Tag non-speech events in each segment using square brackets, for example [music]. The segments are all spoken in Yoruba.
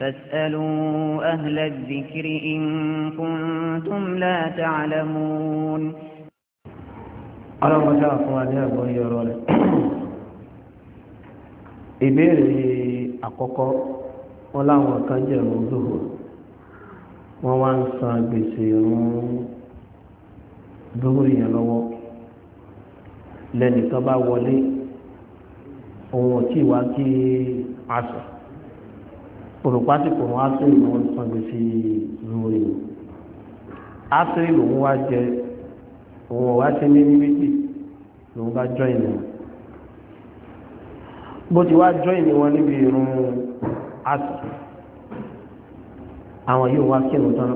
فاسألوا أهل الذكر إن كنتم لا تعلمون أنا مجاف وأنا أبوي ìbéèrè àkọ́kọ́ wọn láwọn kan jẹ́ ìrun zuhu wọ́n wá ń san gbèsè ìrun zuhu yẹn lọ́wọ́ lẹ́nìkan bá wọlé òun ò tí wá kí asùn olùpásìkò wọn asiri ni wọn san gbèsè lórí asiri lòun wá jẹ òun wá ṣe ní ní méjì lòun bá jọ ìnà bó ti wá jọ ìnà wọn níbi irun asiri àwọn yóò wá kírun tán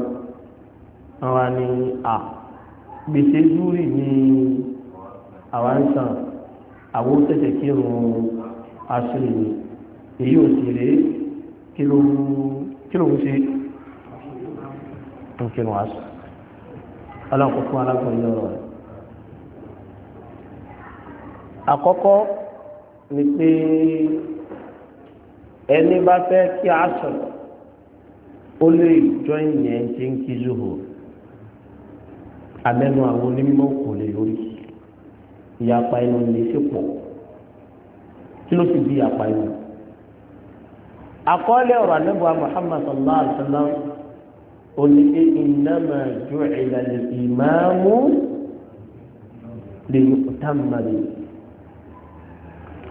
àwọn ni à gbèsè lórí ni àwa ń san àwọn tẹ̀sẹ̀ kírun asiri ni èyí ò sì rèé kí ló ń ṣe ń kínú aṣọ ọlọ́nkọ̀ fún alágbọ̀nyẹ ọ̀rọ̀ rẹ̀ àkọ́kọ́ ni pé ẹni bá fẹ́ kí aṣọ ó lè jọ ìyẹn ṣe ń kí zuhò abẹ́nu àwọn onímọ̀ kò lè lórí ìyapa inú ní sí pọ̀ kí ló fi bí ìyapa inú àkọọ́lẹ̀ ọ̀rọ̀ anábọ̀ Muhammad sallallahu alaihi wa sallam oníke innama ju'ila al-imamu liyutamma bihi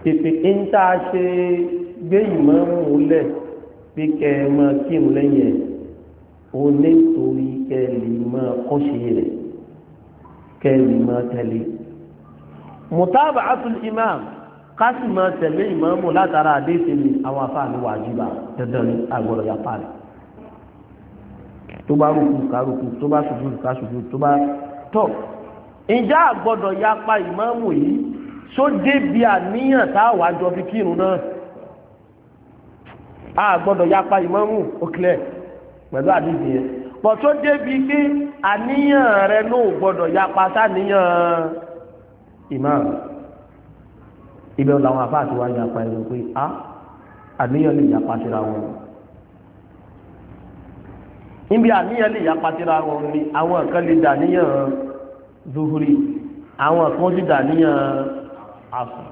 pèpè ń tá a ṣe gbé ìmáàmù lẹ̀ bí kẹ́ ẹ máa kí n lẹ́yìn ẹ̀ torí kẹ́ lè máa kọ́ṣe rẹ̀ kẹ́ ẹ lè máa tẹ̀lé mutaaba'atul imam kásì máa tẹ̀lé ìmọ̀ọ́mù látara àdéhùn mi àwọn afáàní wàjúbà dandan ní agbọ̀dọ̀ yapa rẹ̀ tó bá rúkú kárùkú tó bá ṣubú kásùbú tó bá tọ̀ ìjà àgbọ̀dọ̀ yapa ìmọ̀ọ́mù yìí só débi àníyàn táwa jọ fi kírun náà àgbọ̀dọ̀ yapa ìmọ̀ọ́mù ó kílẹ̀ pẹ̀lú àdéhùn yẹn pọ̀ tó débi pé àníyàn rẹ̀ ló gbọ́dọ̀ yapa sáníyàn ìmọ̀ọ́mù ibẹ̀ làwọn àfáà ti wá ní apá ẹ̀rọ pé a ah, àníyàn lè yapa síra wọn níbi àníyàn lè yapa síra wọn ni àwọn kan lè dà níyàn zuhuri àwọn kan ti dà níyàn asùn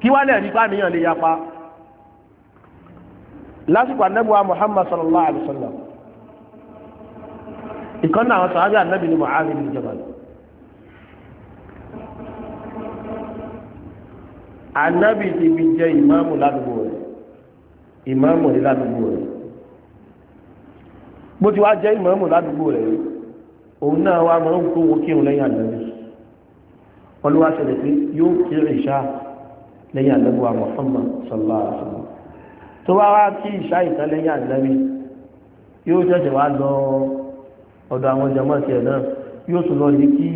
kí wá lè rí bá níyàn lè yapa lásìkò anábùwà Muhammad sallallahu alaihi wa sallam ìkànnì àwọn sàhábì anábì ni Mu'adh bin Jabal anabi ti fi jẹ ìmáàmù ládùúgbò rẹ̀ ìmáàmù ní ládùúgbò rẹ̀ bó ti wá jẹ ìmáàmù ládùúgbò rẹ̀ òun náà wá máa ń kó wo kírun lẹ́yìn anabi olúwa ṣẹlẹ̀ pé yóò kí ìṣá lẹ́yìn anabi wa Muhammad sallallahu alaihi wa sallam tó bá wá kí ìṣá ìtàn lẹ́yìn anabi yóò ṣẹ̀ṣẹ̀ wá lọ ọ̀dọ̀ àwọn jàmáà tiẹ̀ náà yóò tún lọ ní kí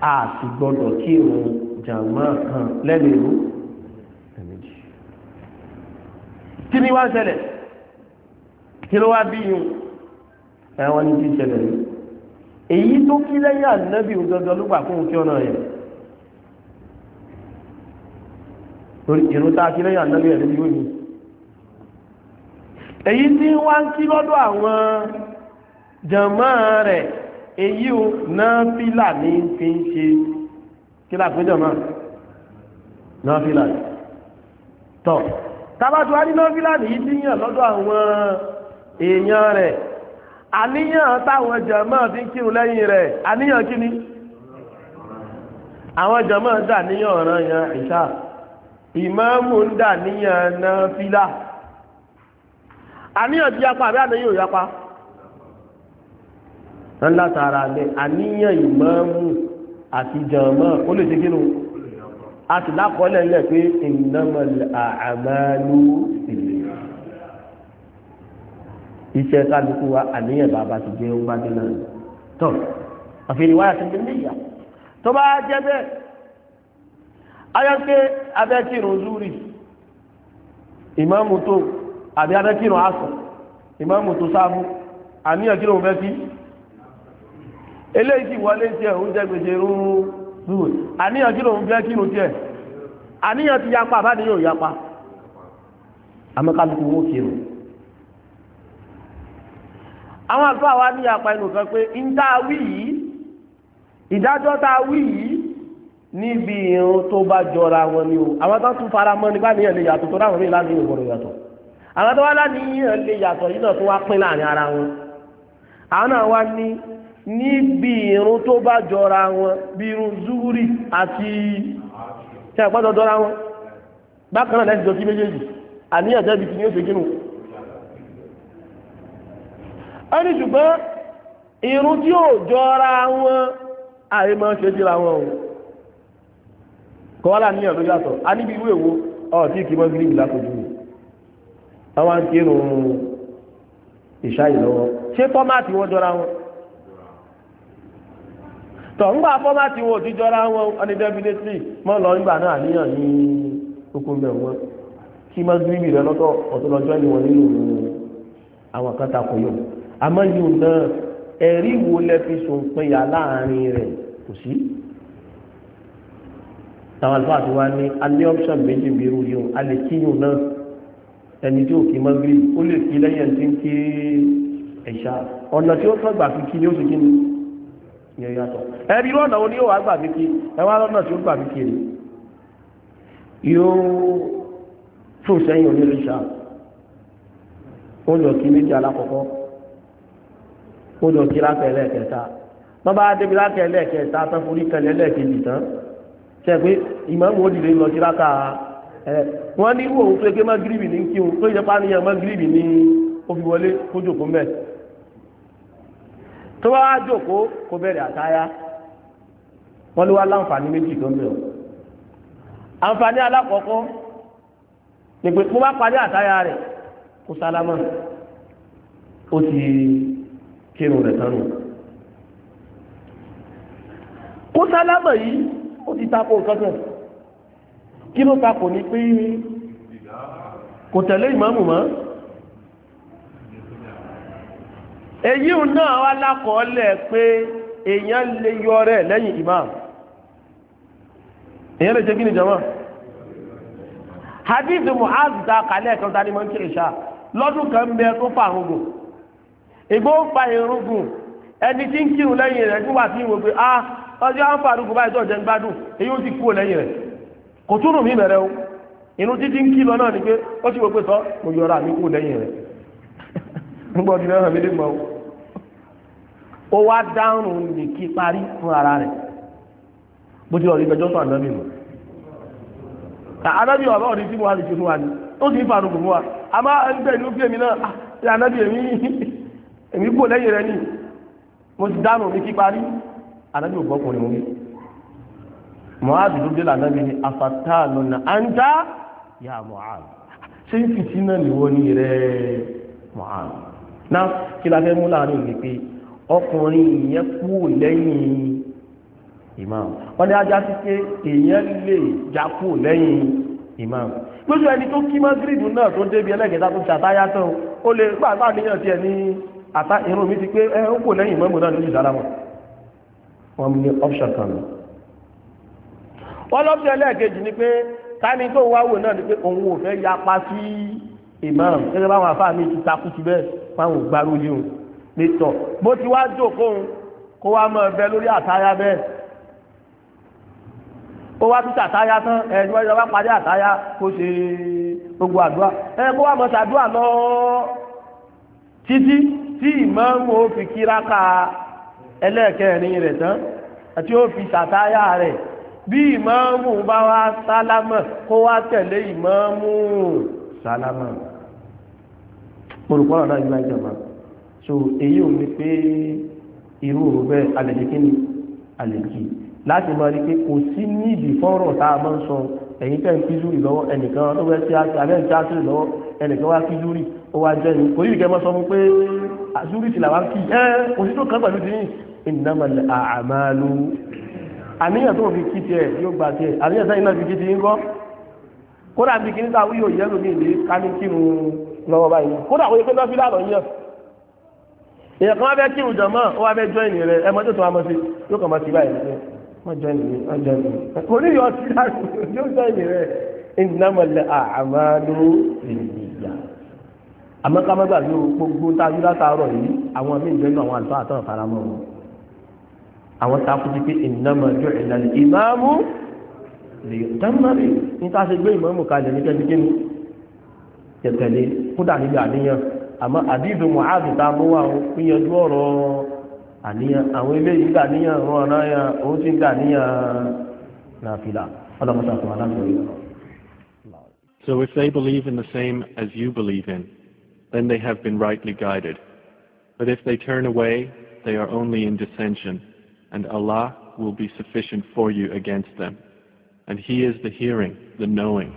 a sì gbọdọ̀ kírun jàmá kan lẹ́nu ìlú ẹ̀mẹ́jì kí ni wá ṣẹlẹ̀ kí ló wá bí yun ẹ̀wọ̀n ní kí ṣẹlẹ̀ yìí èyí tó kí lẹ́yìn ànábì òdodo ló gbà fún òkè ọ̀nà yẹn torí ìrún tá a kí lẹ́yìn ànábì ẹ̀rí yóò ní èyí tí wá ń kí lọ́dọ̀ àwọn jàmá rẹ̀ èyí ò náà fílà ní fi ń ṣe kí lápéjọ náà nọ́fílà tọ́ tàbátù wá ní nọ́fílà ní ìdíyàn lọ́dọ̀ àwọn èèyàn rẹ̀ àníyàn táwọn jàmáà fi ń kírun lẹ́yìn rẹ̀ àníyàn kí ni àwọn jàmáà ń dà níyàn ọ̀ràn yẹn ìṣá ìmáàmù ń dà níyàn nọ́fílà àníyàn ti yapa àbí àníyàn ò yapa ńlá tààrà ní àníyàn ìmáàmù àti jàmọ́ ó lè ṣe kí nù a sì lákọọ́lẹ̀ ilẹ̀ pé innamal a'malu iṣẹ́ kálukú wa àníyàn bàbá ti jẹ́ ó bá dé náà tọ́ àfihàn ìwáyà ti dé níyà tó bá jẹ́ bẹ́ẹ̀ ayọ́ pé abẹ́kìrún zúrì ìmáàmù tó àbí abẹ́kìrún asọ̀ ìmáàmù tó sáfù àníyàn kí ló fẹ́ kí eléyìí wọlé tiẹ̀ ó jẹ́ gbèsè rúurú rúurú àníyàn kí lòun fẹ́ àníyàn ti yapa àbá niyàn yapa àmọ́ kálukú owó àwọn àlùfáà wa ní inú kan pé a wí yìí ìdájọ́ tá a wí yìí níbi irun tó bá jọra wọn ni o àwọn tó tún fara mọ́ nípa níyàn lè yàtọ̀ tó yàtọ̀ àwọn tó wá lè yàtọ̀ yìí náà tó wá pín láàrin ara wọn àwọn níbi irun tó bá jọra wọn bí irun zúúrì àti ṣe àpọ́jọ jọra wọn bákan náà láti jọ sí méjèèjì àníyàn jẹ́ ibi tí ní ó ṣe kínú. ó ní ṣùgbọ́n irun tí ò jọra wọn àìmọ̀ ṣe síra wọn o kọ́wálà níyàn ló yàtọ̀ a níbi ìwé èwo ọ̀ tí kì í lápòjú mi àwọn àti irun ṣé tọ́mátì wọn jọra wọn tọ̀ ńgbà fọ́mátì wọn ò ti jọra wọn ọ̀nìdẹ́bìlẹ́tì mọ́ lọ nígbà náà níyàn ní okun bẹ̀ wọn kí má gírígì rẹ lọ́tọ̀ ọ̀tọ̀lọ́jọ́ ni wọ́n nínú àwọn kan takò yọ àmọ́ yìí náà ẹ̀rí wo lẹ fi sòǹpinya láàrin rẹ̀ kò sí àwọn àlùfáà ti wá ní alẹ́ option méjì bí irú yìí a lè kíyùn náà ẹni tí ò má gírígì ó lè kí lẹ́yìn tí ń kí ẹ̀ṣá ọ̀nà tí ó sọ̀gbà yẹn yàtọ̀ ẹbí lọ́nà oní yóò wá gbà mí kiri ẹ wá lọ́nà tí ó gbà mí kiri yóò fò sẹ́yìn onírìṣà ó lọ kí méjì alákọ̀ọ́kọ́ ó lọ kí lákẹ́ lẹ́ẹ̀kẹta wọ́n bá débi lákẹ́ lẹ́ẹ̀kẹta tán forí kẹlẹ́ lẹ́ẹ̀kejì tán ṣe pé ìmọ̀mù ó dìde lọ sí lákà ẹ̀ wọ́n ní wò ó pé kí mọ́ gírìbì ní kí òun tó yẹ pàníyàn mọ́ gírìbì ní ó fi wọlé kójò fún tó bá jókòó kó bẹ̀rẹ̀ àtáyá wọ́n ló wá láǹfààní méjì tó ń bẹ̀rẹ̀ àǹfààní alákọ̀ọ́kọ́ nígbè tó bá parí àtáyá rẹ̀ kó sálámà ó ti kírun rẹ̀ tán nù kó sálámà yìí ó ti tako ìtọ́jú kí ló tako ni pé kò tẹ̀lé ìmáàmù mọ́ èyí náà wá lákọọ́lẹ̀ pé èèyàn lè yọ rẹ̀ lẹ́yìn imam èèyàn lè ṣe kí ni jama hadith muhazza ta kan lọ́dún kan bẹ tó fa àrùngùn ìgbó ń fa ìrùngùn ẹni tí ń kírun lẹ́yìn rẹ̀ tí wà pé ah ọjọ́ à ń fa báyìí tó gbádùn èyí ó ti kú o inú títí ń kí lọ náà nígbà tí náà hàn mí lè mọ̀ ó wá dáhùn lè kí parí fún ara rẹ̀ bó ti lọ rí gbẹjọ́ fún mọ̀ ànábì ọ̀rọ̀ tí mo wá lè ṣe fún wa ni ó sì ń kò fún wa a máa ń bẹ̀ ní fi èmi náà ah, ṣe ànábì èmi [laughs] èmi kò lẹ́yìn rẹ̀ ni mo ti dáhùn lè kí parí ò dé ni ah, ṣé ń náà nìwọ rẹ̀ náà kí la fẹ́ mú láàrin òní pé ọkùnrin ìyẹn kú lẹ́yìn imam wọ́n ní ajá sí pé èèyàn lè já kú lẹ́yìn imam lójú ẹni tó kí magrib náà tó débi ẹlẹ́gẹ̀dá tó ṣàtáyá tán ó lè gbàgbà níyàn tiẹ̀ ní àtà irun mi ti pé ẹ ó kò lẹ́yìn mọ́mọ́ náà lójú ìdára wọn wọ́n ní option kan lọ. wọ́n lọ́pọ̀ ẹlẹ́ẹ̀kejì ni pé táni tó wáwò náà ni pé òun ò fẹ́ yapa sí imam gẹ́gẹ́ báwọn afáà mi ti takú ti bẹ́ẹ̀ fáwọn ògbárò yìí o nítọ̀ bó ti wá jókòó kó wá mọ̀ bẹ́ẹ̀ lórí àtáyá bẹ́ẹ̀ ó wá tún tàtáyá tán ẹ̀yìn wáyé wá parí àtáyá kó ṣe gbogbo àdúrà ẹ kó wá mọ̀ ṣàdúrà lọ títí tí ìmáàmù ó fi kíráka ẹlẹ́ẹ̀kẹrin rẹ̀ tán àti ó fi tàtáyá rẹ̀ bí ìmáàmù bá wá sálámà kó wá tẹ̀lé ìmáàmù sálámà olùkọ́rọ̀ náà yíra ìjọba so èyí ò ní pé irú òun bẹ́ẹ̀ alẹ́jì ni alẹ́jì láti máa rí pé kò sí níbi fọ́rọ̀ tá a máa ń sọ ẹ̀yìn tẹ́ ń kí zúrì lọ́wọ́ ẹnìkan ló wẹ́ sí abẹ́ ń tí a sí lọ́wọ́ ẹnìkan wá kí ni kò yìí kẹ́ mọ́ sọ fún pé zúrì ti làwọn kì í ẹ́ kò sí tó kàn pẹ̀lú lọ́wọ́ báyìí kódà òye pé lọ́fílà lọ yíyàn èèyàn kan wá fẹ́ kí ìrùjọ mọ́ ó wá fẹ́ jọ ìnì rẹ ẹ mọ tó tó wá mọ sí yóò kàn mọ sí báyìí nígbà má jọ ìnì má jọ ìnì kò ní yọ sí láti [laughs] yóò jọ ìnì rẹ ìnámọ̀lẹ̀ àmàlú ìyá àmọ́ ká má gbàgbé gbogbo tájú látàárọ̀ yìí àwọn míì bẹ́ẹ̀ náà àwọn àlùfáà àtọ̀ faramọ́ wọn àwọn takú ti pé ìnáma ìmáàmù tẹ̀tẹ̀lé níbi àníyàn mọ̀háàdì tá ọ̀rọ̀ àníyàn àwọn rán ti fún So if they believe in the same as you believe in, then they have been rightly guided. But if they turn away, they are only in dissension, and Allah will be sufficient for you against them. And He is the hearing, the knowing.